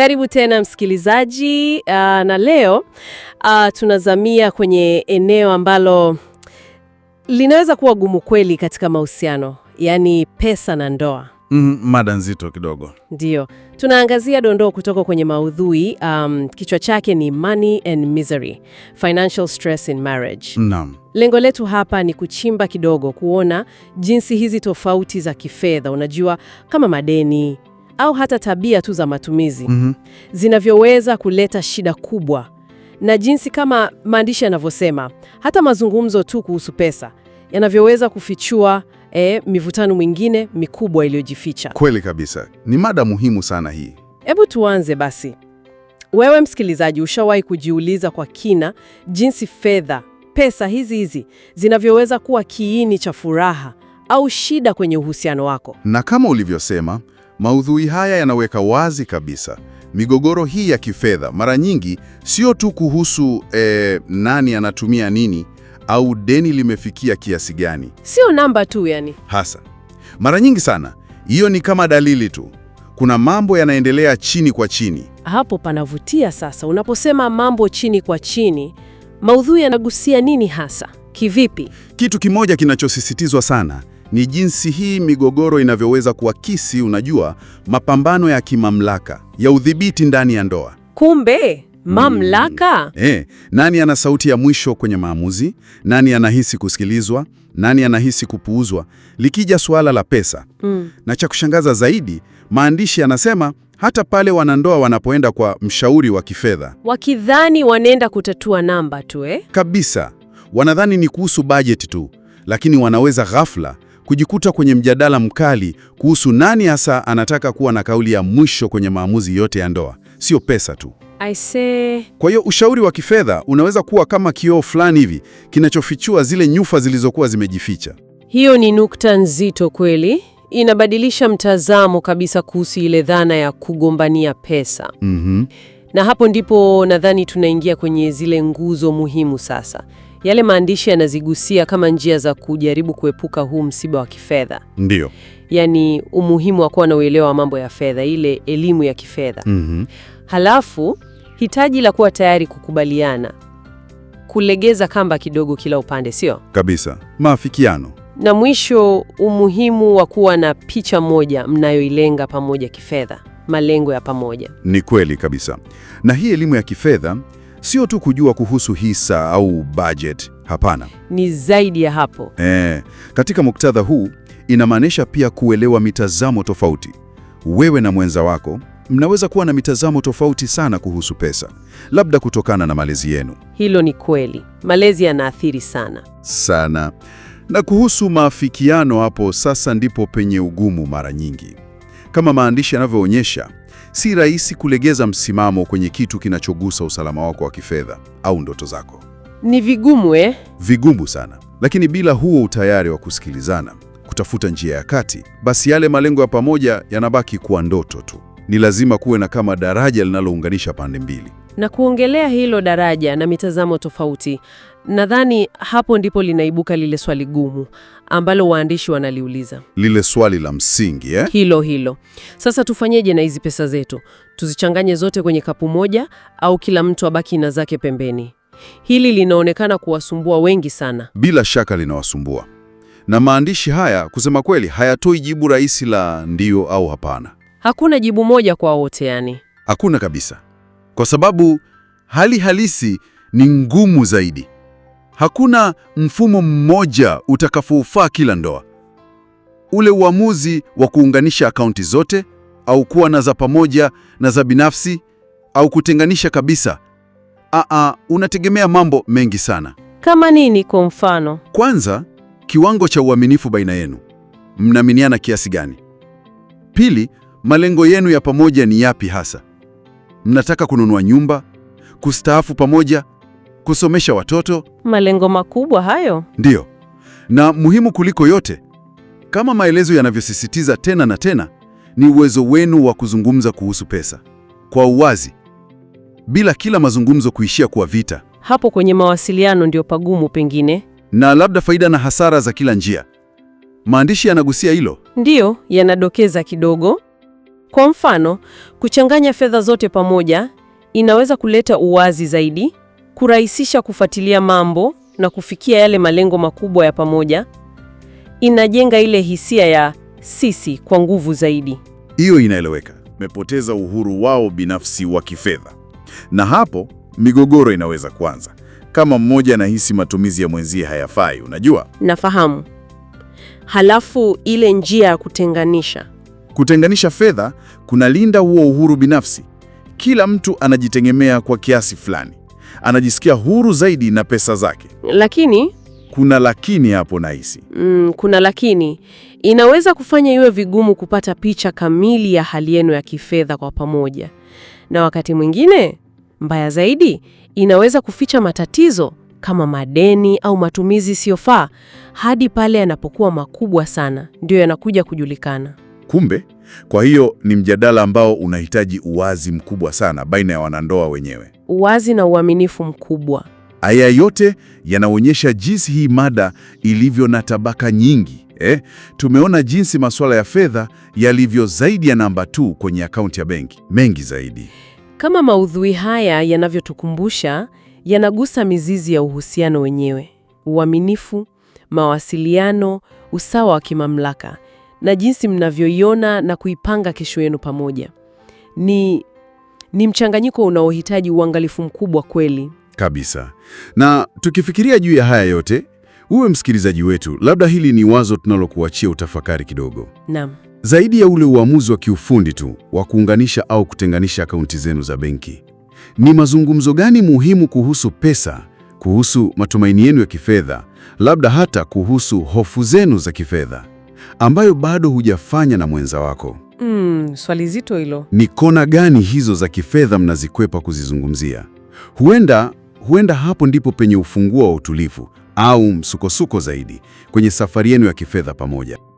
Karibu tena msikilizaji, uh, na leo uh, tunazamia kwenye eneo ambalo linaweza kuwa gumu kweli katika mahusiano, yaani pesa na ndoa. Mm, mada nzito kidogo. ndio tunaangazia dondoo kutoka kwenye maudhui um, kichwa chake ni Money and Misery, Financial Stress in Marriage. Naam. Lengo letu hapa ni kuchimba kidogo, kuona jinsi hizi tofauti za kifedha, unajua kama madeni au hata tabia tu za matumizi mm -hmm. zinavyoweza kuleta shida kubwa, na jinsi kama maandishi yanavyosema, hata mazungumzo tu kuhusu pesa yanavyoweza kufichua e, mivutano mwingine mikubwa iliyojificha. Kweli kabisa, ni mada muhimu sana hii. Hebu tuanze basi. Wewe msikilizaji, ushawahi kujiuliza kwa kina jinsi fedha, pesa hizi hizi zinavyoweza kuwa kiini cha furaha au shida kwenye uhusiano wako? Na kama ulivyosema Maudhui haya yanaweka wazi kabisa migogoro hii ya kifedha mara nyingi sio tu kuhusu eh, nani anatumia nini au deni limefikia kiasi gani. Sio namba tu yani. Hasa mara nyingi sana hiyo ni kama dalili tu, kuna mambo yanaendelea chini kwa chini. Hapo panavutia sasa. Unaposema mambo chini kwa chini, maudhui yanagusia nini hasa, kivipi? Kitu kimoja kinachosisitizwa sana ni jinsi hii migogoro inavyoweza kuakisi, unajua, mapambano ya kimamlaka ya udhibiti ndani ya ndoa. Kumbe hmm. mamlaka mm. Eh, nani ana sauti ya mwisho kwenye maamuzi? Nani anahisi kusikilizwa? Nani anahisi kupuuzwa? Likija suala la pesa mm. na cha kushangaza zaidi, maandishi yanasema hata pale wanandoa wanapoenda kwa mshauri wa kifedha, wakidhani wanaenda kutatua namba tu eh? Kabisa, wanadhani ni kuhusu bajeti tu, lakini wanaweza ghafla kujikuta kwenye mjadala mkali kuhusu nani hasa anataka kuwa na kauli ya mwisho kwenye maamuzi yote ya ndoa, sio pesa tu. I say... Kwa hiyo ushauri wa kifedha unaweza kuwa kama kioo fulani hivi kinachofichua zile nyufa zilizokuwa zimejificha. Hiyo ni nukta nzito kweli, inabadilisha mtazamo kabisa kuhusu ile dhana ya kugombania pesa. Mm -hmm. Na hapo ndipo nadhani tunaingia kwenye zile nguzo muhimu sasa yale maandishi yanazigusia kama njia za kujaribu kuepuka huu msiba wa kifedha. ndio yaani umuhimu wa kuwa na uelewa wa mambo ya fedha, ile elimu ya kifedha. Mm -hmm. Halafu hitaji la kuwa tayari kukubaliana, kulegeza kamba kidogo kila upande, sio kabisa, maafikiano na mwisho umuhimu wa kuwa na picha moja mnayoilenga pamoja kifedha, malengo ya pamoja. Ni kweli kabisa. Na hii elimu ya kifedha sio tu kujua kuhusu hisa au budget. Hapana, ni zaidi ya hapo. E, katika muktadha huu inamaanisha pia kuelewa mitazamo tofauti. Wewe na mwenza wako mnaweza kuwa na mitazamo tofauti sana kuhusu pesa, labda kutokana na malezi yenu. Hilo ni kweli, malezi yanaathiri sana sana. Na kuhusu maafikiano, hapo sasa ndipo penye ugumu mara nyingi, kama maandishi yanavyoonyesha si rahisi kulegeza msimamo kwenye kitu kinachogusa usalama wako wa kifedha au ndoto zako. Ni vigumu eh? Vigumu sana. Lakini bila huo utayari wa kusikilizana, kutafuta njia ya kati, basi yale malengo ya pamoja yanabaki kuwa ndoto tu. Ni lazima kuwe na kama daraja linalounganisha pande mbili. Na kuongelea hilo daraja na mitazamo tofauti, nadhani hapo ndipo linaibuka lile swali gumu ambalo waandishi wanaliuliza, lile swali la msingi eh? Hilo hilo. Sasa tufanyeje na hizi pesa zetu? Tuzichanganye zote kwenye kapu moja au kila mtu abaki na zake pembeni? Hili linaonekana kuwasumbua wengi sana. Bila shaka linawasumbua, na maandishi haya kusema kweli hayatoi jibu rahisi la ndio au hapana. Hakuna jibu moja kwa wote, yani hakuna kabisa kwa sababu hali halisi ni ngumu zaidi. Hakuna mfumo mmoja utakaofaa kila ndoa. Ule uamuzi wa kuunganisha akaunti zote au kuwa na za pamoja na za binafsi au kutenganisha kabisa, aa, unategemea mambo mengi sana. Kama nini? Kwa mfano, kwanza, kiwango cha uaminifu baina yenu, mnaaminiana kiasi gani? Pili, malengo yenu ya pamoja ni yapi hasa? Mnataka kununua nyumba, kustaafu pamoja, kusomesha watoto. Malengo makubwa hayo. Ndiyo, na muhimu kuliko yote, kama maelezo yanavyosisitiza tena na tena, ni uwezo wenu wa kuzungumza kuhusu pesa kwa uwazi, bila kila mazungumzo kuishia kuwa vita. Hapo kwenye mawasiliano ndio pagumu pengine, na labda faida na hasara za kila njia. Maandishi yanagusia hilo? Ndiyo, yanadokeza kidogo kwa mfano, kuchanganya fedha zote pamoja inaweza kuleta uwazi zaidi, kurahisisha kufuatilia mambo na kufikia yale malengo makubwa ya pamoja. Inajenga ile hisia ya sisi kwa nguvu zaidi. Hiyo inaeleweka. Mepoteza uhuru wao binafsi wa kifedha, na hapo migogoro inaweza kuanza, kama mmoja anahisi matumizi ya mwenzie hayafai. Unajua, nafahamu. Halafu ile njia ya kutenganisha Kutenganisha fedha kunalinda huo uhuru binafsi. Kila mtu anajitegemea kwa kiasi fulani, anajisikia huru zaidi na pesa zake. Lakini kuna lakini hapo nahisi. Mm, kuna lakini inaweza kufanya iwe vigumu kupata picha kamili ya hali yenu ya kifedha kwa pamoja, na wakati mwingine, mbaya zaidi, inaweza kuficha matatizo kama madeni au matumizi isiyofaa hadi pale yanapokuwa makubwa sana, ndio yanakuja kujulikana. Kumbe, kwa hiyo ni mjadala ambao unahitaji uwazi mkubwa sana baina ya wanandoa wenyewe, uwazi na uaminifu mkubwa. Haya yote yanaonyesha jinsi hii mada ilivyo na tabaka nyingi. Eh, tumeona jinsi masuala ya fedha yalivyo zaidi ya namba tu kwenye akaunti ya benki, mengi zaidi. Kama maudhui haya yanavyotukumbusha, yanagusa mizizi ya uhusiano wenyewe: uaminifu, mawasiliano, usawa wa kimamlaka na jinsi mnavyoiona na kuipanga kesho yenu pamoja. Ni, ni mchanganyiko unaohitaji uangalifu mkubwa kweli kabisa. Na tukifikiria juu ya haya yote, uwe msikilizaji wetu, labda hili ni wazo tunalokuachia utafakari kidogo. Naam. Zaidi ya ule uamuzi wa kiufundi tu wa kuunganisha au kutenganisha akaunti zenu za benki, ni mazungumzo gani muhimu kuhusu pesa, kuhusu matumaini yenu ya kifedha, labda hata kuhusu hofu zenu za kifedha ambayo bado hujafanya na mwenza wako. Mm, swali zito hilo. Ni kona gani hizo za kifedha mnazikwepa kuzizungumzia? Huenda, huenda hapo ndipo penye ufunguo wa utulivu au msukosuko zaidi kwenye safari yenu ya kifedha pamoja.